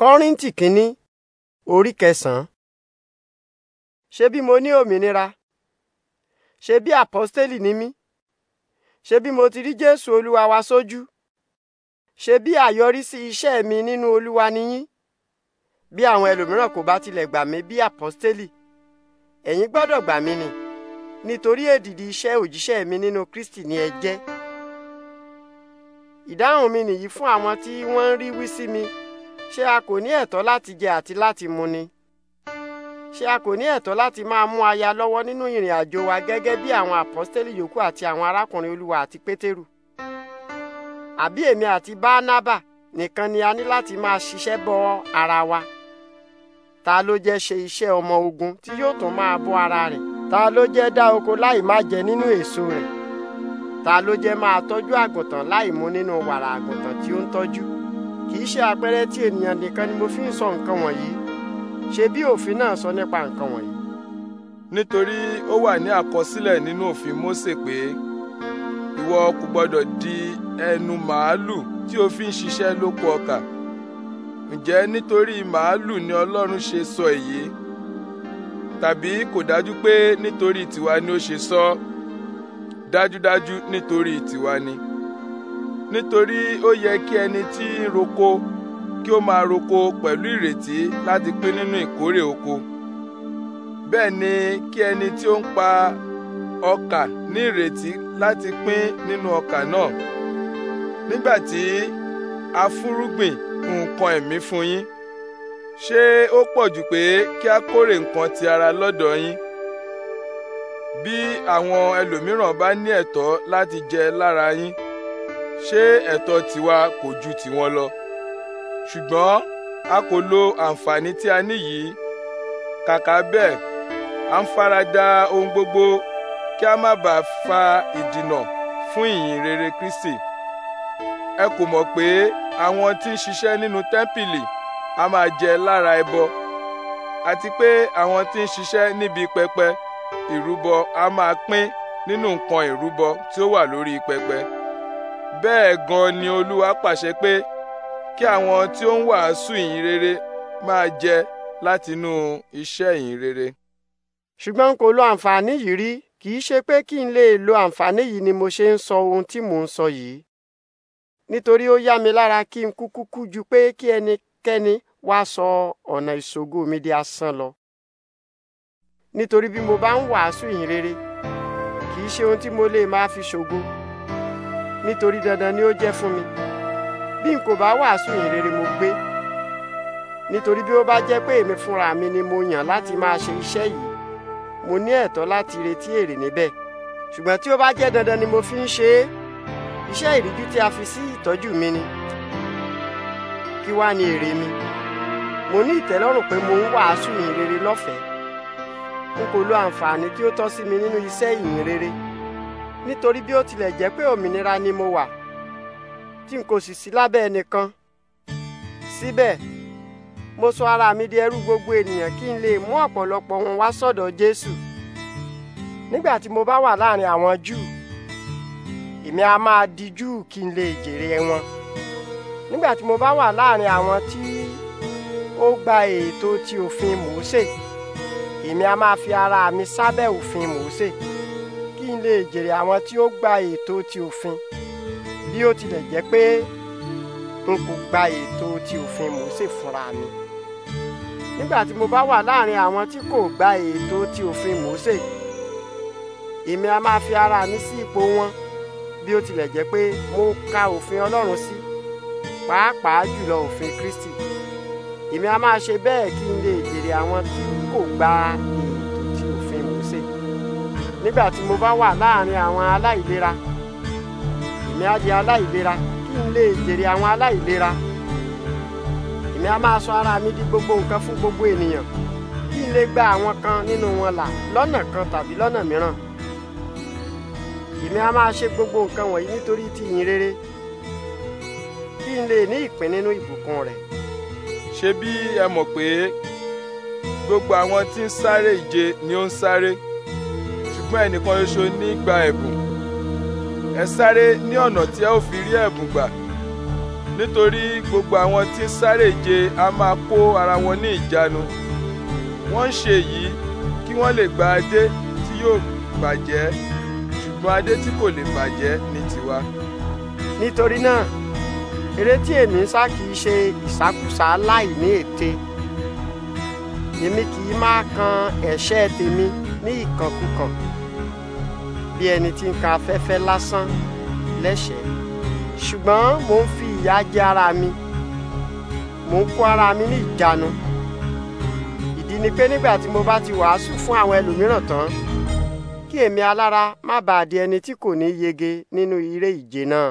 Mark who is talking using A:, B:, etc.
A: kọ́ríntì kínní orí kẹsàn-án. ṣé bí mo ní òmìnira ṣé bí àpọ́stélì ni mí ṣé bí mo ti rí jésù olúwa wa sójú ṣé bí àyọrísí iṣẹ́ mi nínú olúwa niyín bí àwọn ẹlòmíràn kò bá tilẹ̀ gbà mí bí àpọ́stélì ẹ̀yin gbọ́dọ̀ gbà mí ni nítorí èdìdì iṣẹ́ òjíṣẹ́ mi nínú kristi ni ẹ jẹ́ ìdáhùn mi nìyí fún àwọn tí wọ́n ń rí wí sí mi. Si ṣé a kò ní ẹ̀tọ́ láti jẹ àti láti mu ni? ṣé a kò ní ẹ̀tọ́ láti máa mú aya lọ́wọ́ nínú ìrìn àjò wa gẹ́gẹ́ bí àwọn àpọ́stélì yòókù àti àwọn arákùnrin Olúwa àti Pétérù? Àbí èmi àti Bánábà nìkan ni a ní láti máa ṣiṣẹ́ bọ ara wa? Ta ló jẹ́ ṣe iṣẹ́ ọmọ ogun tí yóò tún máa bọ ara rẹ̀? Ta ló jẹ́ dá oko láì má jẹ nínú èso rẹ̀? Ta ló jẹ́ máa tọ́jú àgùntàn láì mú nínú wàrà àgùntàn tí ó ń tọ́jú? kì í ṣe àpẹẹrẹ tí ènìyàn nìkan ni mo fi ń sọ nǹkan wọ̀nyí ṣe bí òfin náà sọ nípa nǹkan wọ̀nyí.
B: nítorí ó wà ní àkọsílẹ̀ nínú òfin Mósè pé ìwọ kò gbọdọ̀ di ẹnu màálù tí o fi ń ṣiṣẹ́ lóko ọkà ǹjẹ́ nítorí màálù ni Ọlọ́run ṣe sọ èyí tàbí kò dájú pé nítorí tiwa ni ó ṣe sọ dájúdájú nítorí tiwa ni. Dájú, dájú, nítorí ó yẹ kí ẹni tí ń roko kí ó máa roko pẹ̀lú ìrètí láti pín nínú ìkórè oko bẹ́ẹ̀ ni kí ẹni tí ó ń pa ọkà ní ìrètí láti pín nínú ọkà náà nígbà tí a nǹkan ẹ̀mí fún yín ṣé ó pọ̀ jù pé kí a kórè nǹkan ti ara lọ́dọ̀ yín bí àwọn ẹlòmíràn bá ní ẹ̀tọ́ láti jẹ lára yín ṣé ẹ̀tọ́ tiwa kò ju tiwọn lọ ṣùgbọ́n a kò lo àǹfààní tí a ní yìí kàkà bẹ́ẹ̀ à ń farada ohun gbogbo kí a má bàa fa ìdìnà fún ìyìn rere Kristi ẹ kò mọ̀ pé àwọn tí ń ṣiṣẹ́ nínú tẹ́ḿpìlì a máa jẹ lára ẹbọ àti pé àwọn tí ń ṣiṣẹ́ níbi pẹpẹ ìrúbọ a máa pín nínú nǹkan ìrúbọ tí ó wà lórí pẹpẹ bẹ́ẹ̀ gan ni olúwa pàṣẹ pé kí àwọn tí ó ń wàásù ìyìn rere máa jẹ látinú iṣẹ́ ìyìn rere.
A: ṣùgbọ́n n kò lo àǹfààní yìí rí kì í ṣe pé kí n lè lo àǹfààní yìí ni mo ṣe ń sọ ohun tí mò ń sọ yìí nítorí ó yá mi lára kí n kúkú kú ju pé kí ẹnikẹ́ni wá sọ ọ̀nà ìṣògo mi di asán lọ nítorí bí mo bá ń wàásù ìyìn rere kì í ṣe ohun tí mo lè máa fi ṣògo nítorí dandan ni ó jẹ́ fún mi bí n kò bá wàásù yìn rere mo gbé nítorí bí ó bá jẹ́ pé èmi fúnra mi ni mo yàn láti máa ṣe iṣẹ́ yìí mo ní ẹ̀tọ́ láti retí èrè níbẹ̀ ṣùgbọ́n tí ó bá jẹ́ dandan ni mo fi ń ṣe é iṣẹ́ ìríjú tí a fi sí ìtọ́jú mi ni kí wá ni èrè mi mo ní ìtẹ́lọ́rùn pé mo ń wàásù yìn rere lọ́fẹ̀ẹ́ n kò lo àǹfààní tí ó tọ́ sí mi nínú iṣẹ́ ìyìn nítorí bí ó tilẹ̀ jẹ́ pé òmìnira ni mo wà tí n kò sì sí lábẹ́ ẹnìkan síbẹ̀ mo sọ ara mi di ẹrú gbogbo ènìyàn kí n lè mú ọ̀pọ̀lọpọ̀ wọn wá sọ́dọ̀ Jésù nígbà tí mo bá wà láàrin àwọn Júù èmi a máa di Júù kí n lè jèrè wọn nígbà tí mo bá wà láàrin àwọn tí ó gba ètò ti òfin Mósè èmi a máa fi ara mi sábẹ́ òfin Mósè òfin lè jèrè àwọn tí ó gba ètò ti òfin bí ó tilẹ̀ jẹ́ pé n kò gba ètò ti òfin Mósè fúnra mi nígbà tí mo bá wà láàrin àwọn tí kò gba ètò ti òfin Mósè èmi a máa fi ara mi sí ipò wọn bí ó tilẹ̀ jẹ́ pé mo ka òfin Ọlọ́run sí pàápàá jùlọ òfin Kristi èmi a máa ṣe bẹ́ẹ̀ kí n lè jèrè àwọn tí kò gba ètò nígbà tí mo bá wà láàrin àwọn aláìlera èmi á di aláìlera kí n lè jèrè àwọn aláìlera èmi á máa sọ ara mi di gbogbo nǹkan fún gbogbo ènìyàn kí n lè gba àwọn kan nínú wọn là lọ́nà kan tàbí lọ́nà mìíràn èmi á máa ṣe gbogbo nǹkan wọ̀nyí nítorí ti ìyìn rere kí n lè ní ìpín nínú ìbùkún rẹ̀.
B: ṣé bí ẹ mọ̀ pé gbogbo àwọn tí ń sáré ìje ni ó ń sáré ṣùgbọ́n ẹnìkan ṣoṣo ní gba ẹ̀bùn ẹ sáré ní ọ̀nà tí ẹ ó fi rí ẹ̀bùn gbà nítorí gbogbo àwọn tí ń sáré je a máa kó ara wọn ní ìjánu wọ́n ń ṣe èyí kí wọ́n lè gba adé tí yóò bàjẹ́ ṣùgbọ́n adé tí kò lè bàjẹ́ ní tiwa.
A: nítorí náà eré tí èmi ń sá kì í ṣe ìsákúsá láì ní ète èmi kì í máa kan ẹ̀ṣẹ̀ tèmi ní ìkànkùkàn bí ẹni tí ń ka afẹ́fẹ́ lásán lẹ́sẹ̀ẹ́ ṣùgbọ́n mò ń fi ìyà jẹ ara mi mò ń kó ara mi ní ìjánu ìdí ni pé nígbà tí mo bá ti wàásù fún àwọn ẹlòmíràn tán kí èmi alára má bàa di ẹni tí kò ní yege nínú ire ìje náà